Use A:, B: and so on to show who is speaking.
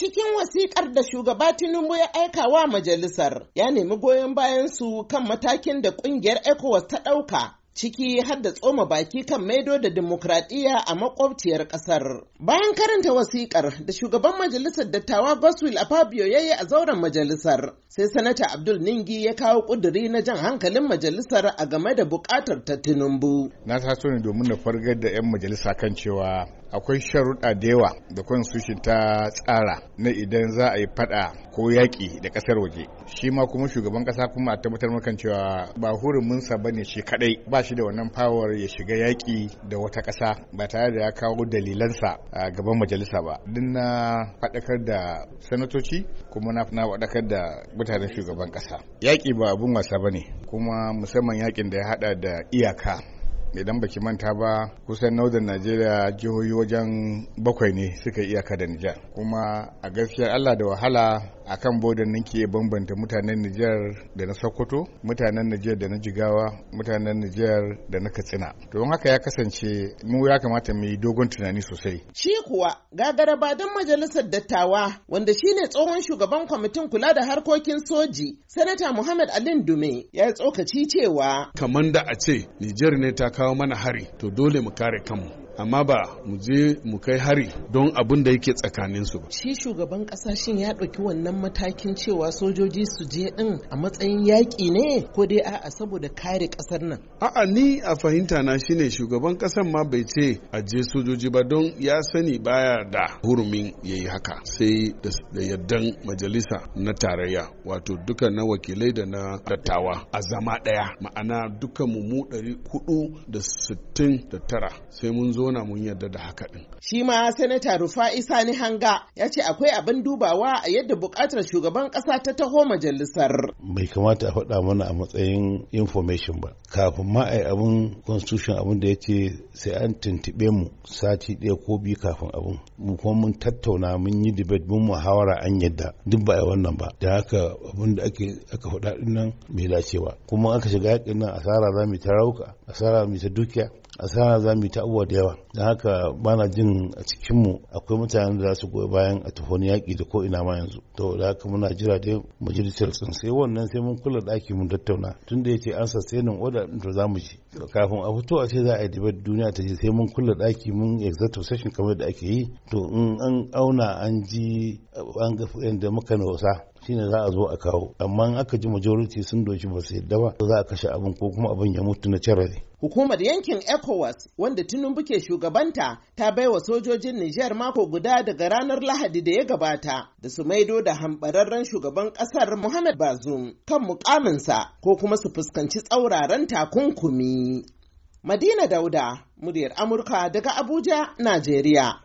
A: cikin wasikar da shugaba Tinubu ya aika wa majalisar ya nemi goyon bayan su kan matakin da kungiyar ECOWAS ta ɗauka ciki har da tsoma baki kan maido da demokradiyya a makwabciyar ƙasar. Bayan karanta wasiƙar da shugaban majalisar dattawa baswil a Fabio ya yi a zauren majalisar, sai sanata Abdul Ningi ya kawo ƙuduri na jan hankalin majalisar a game da buƙatar ta Tinubu. Na taso ne domin na
B: fargar da 'yan majalisa kan cewa akwai sharuɗa da yawa da constitution ta tsara na idan za a yi faɗa ko yaƙi da ƙasar waje. Shi ma kuma shugaban ƙasa kuma a tabbatar kan cewa ba huruminsa ba ne shi kaɗai ba ba shi da wannan power ya shiga yaƙi da wata ƙasa ba tare da ya kawo dalilansa a gaban majalisa ba din na faɗakar da sanatoci kuma na faɗakar da mutanen shugaban ƙasa yaƙi ba abun wasa ba ne kuma musamman yaƙin da ya haɗa da iyaka idan baki manta ba kusan northern najeriya jihohi wajen bakwai ne suka iyaka da nijar kuma a gaskiyar allah da wahala a kan bodan nan ke bambanta mutanen Nijar da na Sokoto, mutanen Nijar da na Jigawa, mutanen Nijar da na Katsina. Don haka ya kasance mu ya kamata mu yi dogon tunani sosai.
A: Shi kuwa gagara don majalisar dattawa wanda shine tsohon shugaban kwamitin kula da harkokin soji, Sanata Muhammad Alin Dume ya tsokaci cewa.
C: Kamar da a ce Nijar ne ta kawo mana hari, to dole mu kare kanmu. amma ba mu je mu kai hari don abin da yake tsakanin su ba
A: shi shugaban kasashen ya ɗauki wannan matakin cewa sojoji su je din a matsayin yaƙi ne ko dai a'a saboda kare ƙasar nan
C: a'a ni a fahimta na shine shugaban ƙasar ma bai ce a je sojoji ba don ya sani baya da hurumin yayi haka sai da yardan majalisa na tarayya wato duka na wakilai da na dattawa a zama ɗaya ma'ana duka mu mu tara. sai mun zo Muna mun yarda da haka din.
A: Shi ma Sanata Rufa'i Sani Hanga ya ce akwai abin dubawa a yadda buƙatar shugaban kasa ta taho majalisar.
D: Bai kamata a faɗa mana a matsayin information ba. Kafin ma a yi abin constitution abin da ya ce sai an tuntuɓe mu sati ɗaya ko biyu kafin abin. Mu kuma mun tattauna mun yi debate mun muhawara an yadda duk ba a wannan ba. Da haka abin da ake aka faɗa ɗin nan bai dacewa. Kuma aka shiga yaƙin nan asara za mu ta rauka asara mu ta dukiya asara za mu yi ta abubuwa da yawa don haka ba na jin a cikinmu akwai mutanen da za su goyi bayan a tuhoni yaƙi da ko ina ma yanzu to da haka muna jira dai majalisar sun sai wannan sai mun kula ɗaki mun tattauna tun da ya ce an sustaining order to za mu ji kafin a fito a ce za a yi debate duniya ta ji sai mun kula ɗaki mun executive session kamar da ake yi to in an auna an ji an ga yadda muka wasa shine za a zo a kawo amma in aka ji majority sun doki ba su yadda ba za a kashe abin ko kuma abin ya mutu na carare
A: Hukumar yankin ECOWAS wanda Tinubu ke shugabanta ta baiwa sojojin niger mako guda daga ranar Lahadi da ya gabata da su maido da hambararren shugaban kasar Muhammad Bazoum kan mukaminsa ko kuma su fuskanci tsauraran takunkumi. Madina Dauda, muryar Amurka daga Abuja, Najeriya.